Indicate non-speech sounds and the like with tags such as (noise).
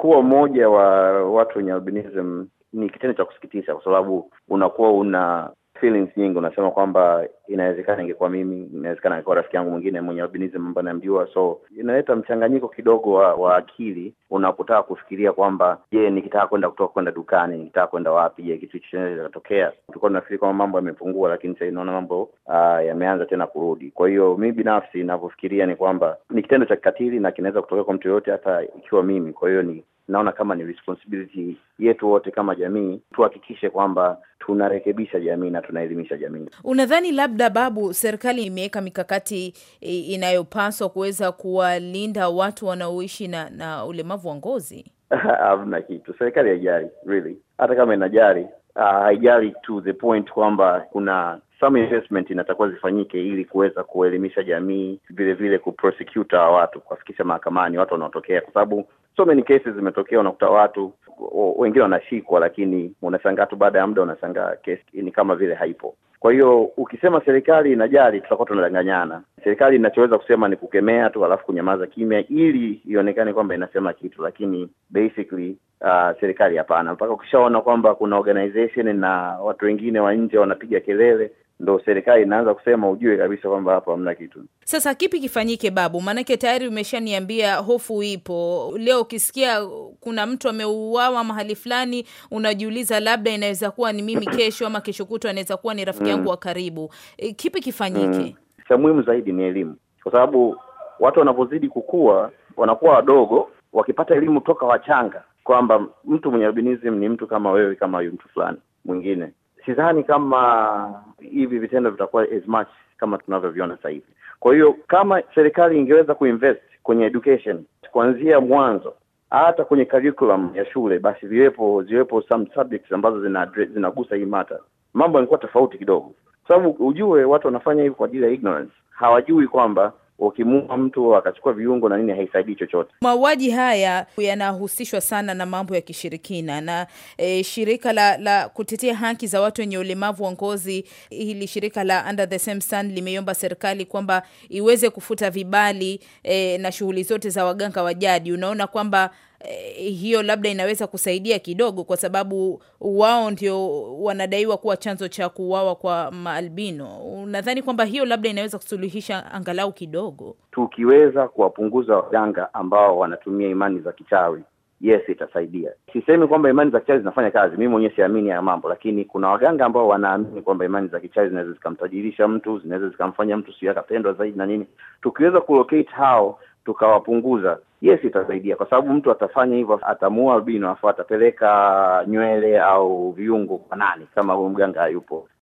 kuwa mmoja wa watu wenye albinism ni kitendo cha kusikitisha, kwa sababu unakuwa una feelings nyingi, unasema kwamba inawezekana ingekuwa mimi, inawezekana ingekuwa rafiki yangu mwingine mwenye albinism ambayo namjua. So inaleta mchanganyiko kidogo wa, wa akili unapotaka kufikiria kwamba je, nikitaka kwenda kutoka kwenda dukani, nikitaka kwenda wapi, je, kitu hicho Tulikuwa tunafikiri kwamba mambo yamepungua, lakini sahii naona mambo ah, yameanza tena kurudi. Kwa hiyo mi binafsi inavyofikiria ni kwamba ni kitendo cha kikatili na kinaweza kutokea kwa mtu yoyote, hata ikiwa mimi. Kwa hiyo ni naona kama ni responsibility yetu wote kama jamii tuhakikishe kwamba tunarekebisha jamii na tunaelimisha jamii. Unadhani labda Babu, serikali imeweka mikakati e, inayopaswa kuweza kuwalinda watu wanaoishi na, na ulemavu wa ngozi? (laughs) Hamna kitu serikali haijali really, hata kama inajali haijali uh, to the point kwamba kuna some investment inatakiwa zifanyike ili kuweza kuelimisha jamii, vile vile kuprosecute hawa watu, kuwafikisha mahakamani watu wanaotokea, kwa sababu so many cases zimetokea. Unakuta watu wengine wanashikwa, lakini unashangaa tu baada ya muda unashangaa kesi ni kama vile haipo. Kwa hiyo ukisema serikali inajali, tutakuwa tunadanganyana. Serikali inachoweza kusema ni kukemea tu, alafu kunyamaza kimya, ili ionekane kwamba inasema kitu, lakini basically uh, serikali hapana. Mpaka ukishaona kwamba kuna organization na watu wengine wa nje wanapiga kelele ndo serikali inaanza kusema, ujue kabisa kwamba hapo hamna kitu. Sasa kipi kifanyike, Babu? Maanake tayari umeshaniambia hofu ipo. Leo ukisikia kuna mtu ameuawa mahali fulani, unajiuliza labda inaweza kuwa ni mimi kesho ama kesho kutwa, anaweza kuwa ni rafiki yangu mm. wa karibu. E, kipi kifanyike? mm. Cha muhimu zaidi ni elimu, kwa sababu watu wanapozidi kukua wanakuwa wadogo, wakipata elimu toka wachanga kwamba mtu mwenye albinism ni mtu kama wewe, kama mtu fulani mwingine. Sidhani kama hivi vitendo vitakuwa as much kama tunavyoviona sasa hivi. Kwa hiyo kama serikali ingeweza kuinvest kwenye education kuanzia mwanzo hata kwenye curriculum ya shule basi viwepo ziwepo some subjects ambazo zina zinagusa hii mata, mambo yamekuwa tofauti kidogo, kwa sababu ujue watu wanafanya hivi kwa ajili ya ignorance, hawajui kwamba ukimua mtu akachukua viungo na nini haisaidii chochote. Mauaji haya yanahusishwa sana na mambo ya kishirikina na e, shirika la, la kutetea haki za watu wenye ulemavu wa ngozi, hili shirika la Under the Same Sun serikali kwamba iweze kufuta vibali e, na shughuli zote za waganga wa jadi. Unaona kwamba Eh, hiyo labda inaweza kusaidia kidogo, kwa sababu wao ndio wanadaiwa kuwa chanzo cha kuuawa kwa maalbino. Unadhani kwamba hiyo labda inaweza kusuluhisha angalau kidogo, tukiweza kuwapunguza waganga ambao wanatumia imani za kichawi? Yes, itasaidia. Sisemi kwamba imani za kichawi zinafanya kazi, mii mwenyewe siamini haya mambo, lakini kuna waganga ambao wanaamini kwamba imani za kichawi zinaweza zikamtajirisha mtu, zinaweza zikamfanya mtu siu akapendwa zaidi na nini. Tukiweza kulocate hao tukawapunguza, Yes, itasaidia kwa sababu mtu atafanya hivyo, atamuua albino afu atapeleka nywele au viungo kwa nani kama huyu mganga hayupo?